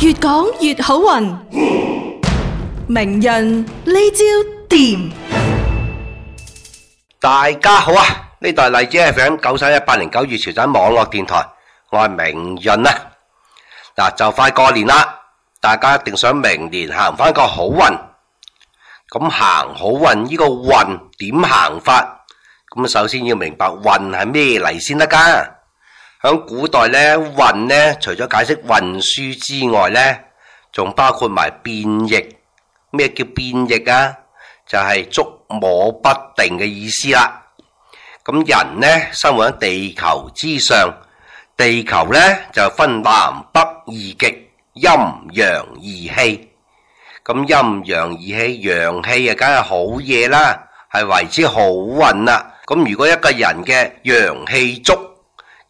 越講越好運，明潤呢招掂。大家好啊，呢度係荔枝 FM 九三一八零九月潮州網絡電台，我係明潤啊。嗱，就快過年啦，大家一定想明年行返個好運。咁行好運呢個運點行法？咁首先要明白運係咩嚟，先得噶。響古代咧，運咧除咗解釋運輸之外咧，仲包括埋變易。咩叫變易啊？就係捉摸不定嘅意思啦。咁人咧生活喺地球之上，地球咧就分南北二極、陰陽二氣。咁陰陽二氣，陽氣啊，梗係好嘢啦，係為之好運啦。咁如果一個人嘅陽氣足，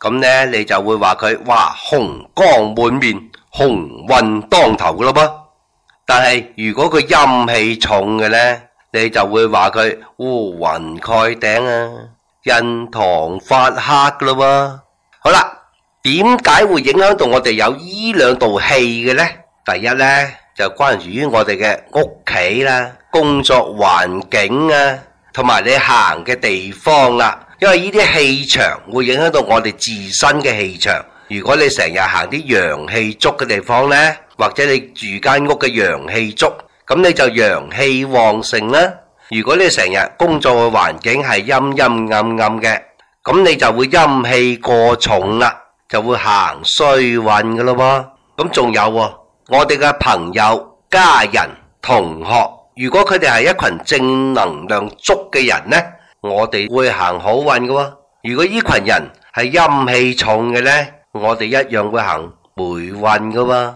咁咧，你就會話佢哇，紅光滿面，鴻運當頭噶咯噃。但係如果佢陰氣重嘅咧，你就會話佢烏雲蓋頂啊，印堂發黑噶咯喎。好啦，點解會影響到我哋有兩，呢兩道氣嘅咧？第一咧就關於我哋嘅屋企啦，工作環境啊。同埋你行嘅地方啦，因為呢啲氣場會影響到我哋自身嘅氣場。如果你成日行啲陽氣足嘅地方呢，或者你住間屋嘅陽氣足，咁你就陽氣旺盛啦。如果你成日工作嘅環境係陰陰暗暗嘅，咁你就會陰氣過重啦，就會行衰運㗎咯喎。咁仲有我哋嘅朋友、家人、同學。如果佢哋係一群正能量足嘅人呢，我哋會行好運㗎喎。如果呢群人係陰氣重嘅呢，我哋一樣會行霉運㗎喎。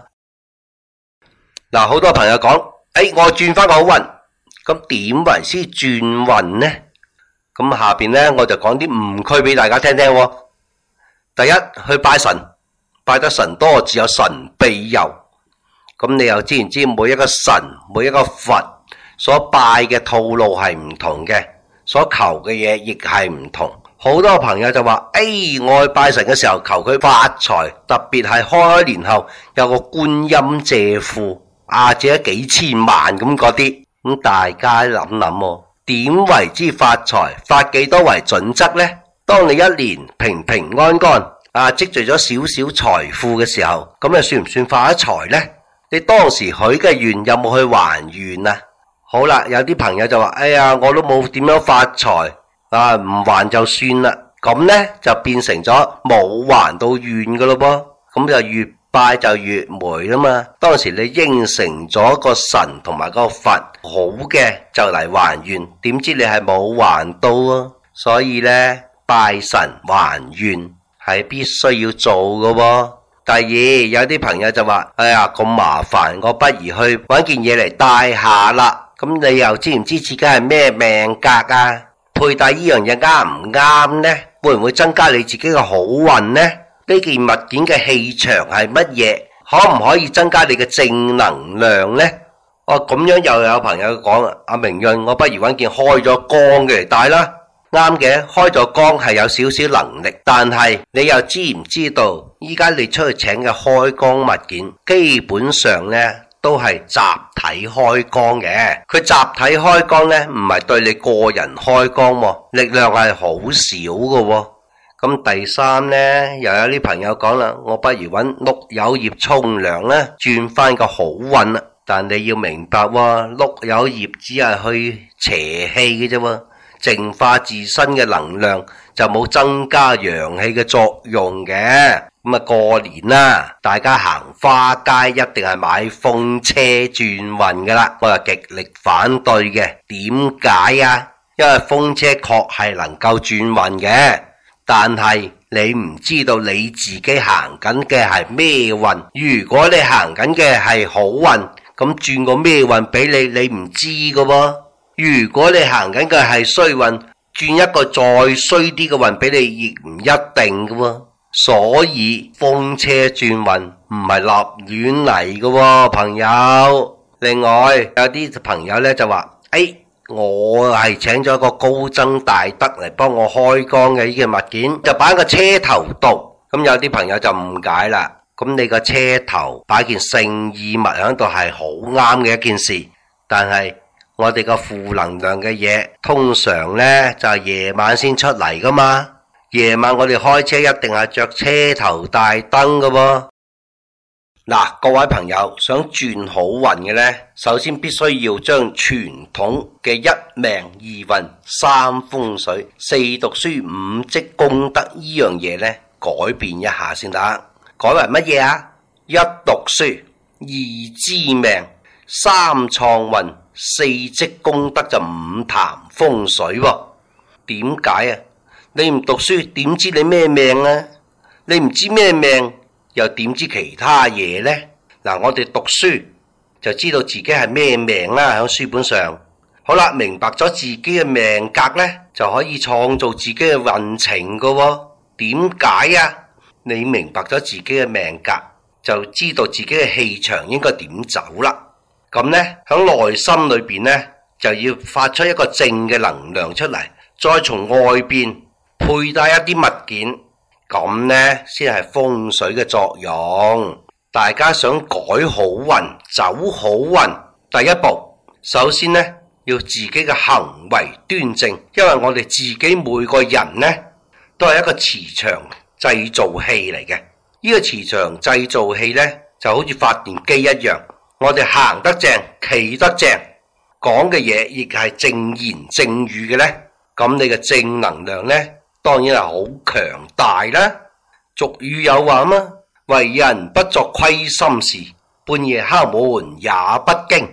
嗱，好多朋友講，誒，我轉翻個好運，咁點為之轉運呢？咁下邊呢，我就講啲誤區俾大家聽聽。第一，去拜神，拜得神多，只有神庇佑。咁你又知唔知每一個神，每一個佛？所拜嘅套路係唔同嘅，所求嘅嘢亦係唔同。好多朋友就話：，誒、哎，我去拜神嘅時候求佢發財，特別係開年後有個觀音借庫，啊，借咗幾千萬咁嗰啲。咁、嗯、大家諗諗哦，點為之發財？發幾多為準則呢？當你一年平平安安，啊，積聚咗少少財富嘅時候，咁又算唔算發咗財呢？你當時許嘅願有冇去還願啊？好啦，有啲朋友就話：，哎呀，我都冇點樣發財啊，唔還就算啦。咁呢就變成咗冇還到願噶咯噃。咁就越拜就越霉啊嘛。當時你應承咗個神同埋個佛好嘅，就嚟還願，點知你係冇還到啊？所以呢，拜神還願係必須要做噶啊。第二，有啲朋友就話：，哎呀，咁麻煩，我不如去搵件嘢嚟戴下啦。咁你又知唔知自己係咩命格啊？佩戴依樣嘢啱唔啱呢？會唔會增加你自己嘅好運呢？呢件物件嘅氣場係乜嘢？可唔可以增加你嘅正能量呢？哦，咁樣又有朋友講啦，阿明潤，我不如揾件開咗光嘅嚟戴啦。啱嘅，開咗光係有少少能力，但係你又知唔知道，依家你出去請嘅開光物件，基本上呢，都係集體開光嘅，佢集體開光呢，唔係對你個人開光，力量係好少噶。咁第三呢，又有啲朋友講啦，我不如揾碌柚葉沖涼呢，轉翻個好運啦。但你要明白喎，啊，碌柚葉只係去邪氣嘅啫，淨化自身嘅能量，就冇增加陽氣嘅作用嘅。咁啊，過年啦，大家行花街一定係買風車轉運噶啦，我係極力反對嘅。點解啊？因為風車確係能夠轉運嘅，但係你唔知道你自己行緊嘅係咩運。如果你行緊嘅係好運，咁轉個咩運俾你，你唔知噶喎。如果你行緊嘅係衰運，轉一個再衰啲嘅運俾你，亦唔一定噶喎。所以風車轉運唔係立亂嚟噶喎，朋友。另外有啲朋友呢就話，誒、哎，我係請咗一個高僧大德嚟幫我開光嘅呢件物件，就擺個車頭度。咁、嗯、有啲朋友就誤解啦。咁、嗯、你個車頭擺件聖意物喺度係好啱嘅一件事，但係我哋個負能量嘅嘢，通常呢就係、是、夜晚先出嚟噶嘛。夜晚我哋開車一定係着車頭大燈嘅喎。嗱，各位朋友想轉好運嘅呢，首先必須要將傳統嘅一命二運三風水四讀書五積功德樣呢樣嘢呢改變一下先得，改為乜嘢啊？一讀書，二知命，三創運，四積功德就五談風水。點解啊？你唔讀書點知你咩命啊？你唔知咩命，又點知其他嘢呢？嗱，我哋讀書就知道自己係咩命啦、啊，喺書本上。好啦，明白咗自己嘅命格呢，就可以創造自己嘅運程㗎喎、哦。點解啊？你明白咗自己嘅命格，就知道自己嘅氣場應該點走啦。咁呢，喺內心裏邊呢，就要發出一個正嘅能量出嚟，再從外邊，佩戴一啲物件咁呢，先係風水嘅作用。大家想改好運、走好運，第一步，首先呢，要自己嘅行為端正，因為我哋自己每個人呢，都係一個磁場製造器嚟嘅。呢個磁場製造器呢，就好似發電機一樣。我哋行得正，企得正，講嘅嘢亦係正言正語嘅呢。咁你嘅正能量呢？當然係好強大啦！俗語有話嘛，為人不作虧心事，半夜敲門也不驚。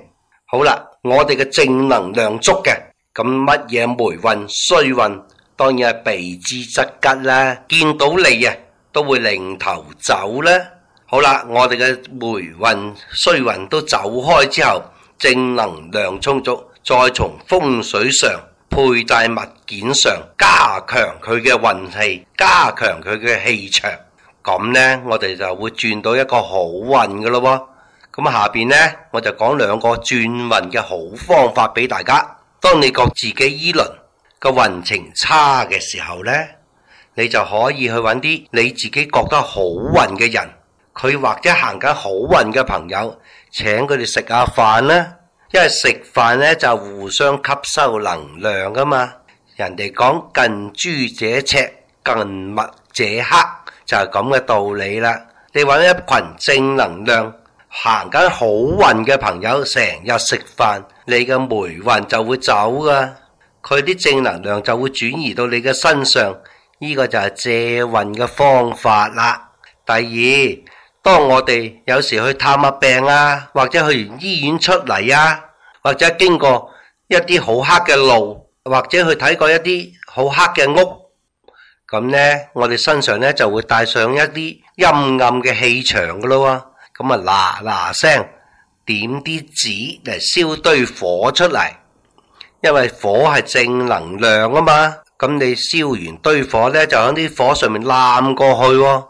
好啦，我哋嘅正能量足嘅，咁乜嘢霉運衰運，當然係避之則吉啦。見到你啊，都會擰頭走啦。好啦，我哋嘅霉運衰運都走開之後，正能量充足，再從風水上。佩戴物件上，加強佢嘅運氣，加強佢嘅氣場，咁呢，我哋就會轉到一個好運嘅咯喎。咁下邊呢，我就講兩個轉運嘅好方法俾大家。當你覺自己依輪個運程差嘅時候呢，你就可以去揾啲你自己覺得好運嘅人，佢或者行緊好運嘅朋友，請佢哋食下飯啦。因為食飯咧就是、互相吸收能量噶嘛，人哋講近朱者赤，近墨者黑就係咁嘅道理啦。你搵一群正能量、行緊好運嘅朋友成日食飯，你嘅霉運就會走噶，佢啲正能量就會轉移到你嘅身上，呢、呢個就係借運嘅方法啦。第二。當我哋有時去探下病啊，或者去完醫院出嚟啊，或者經過一啲好黑嘅路，或者去睇過一啲好黑嘅屋，咁呢，我哋身上呢就會帶上一啲陰暗嘅氣場噶咯、啊。咁啊嗱嗱聲點啲紙嚟燒堆火出嚟，因為火係正能量啊嘛，咁你燒完堆火呢，就喺啲火上面冧過去、啊。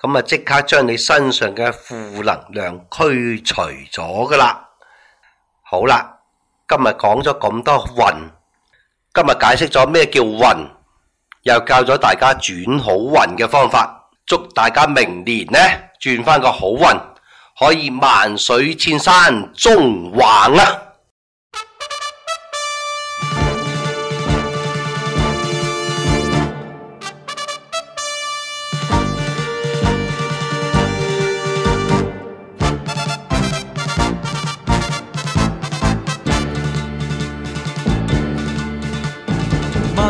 咁啊！即刻將你身上嘅負能量驅除咗噶啦。好啦，今日講咗咁多運，今日解釋咗咩叫運，又教咗大家轉好運嘅方法。祝大家明年呢轉翻個好運，可以萬水千山縱橫啊！